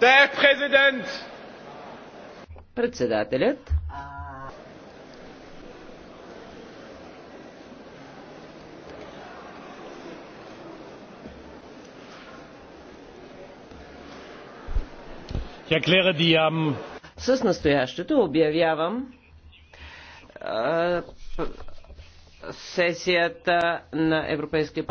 Der Präsident! Председателят. С настоящето обявявам сесията на Европейския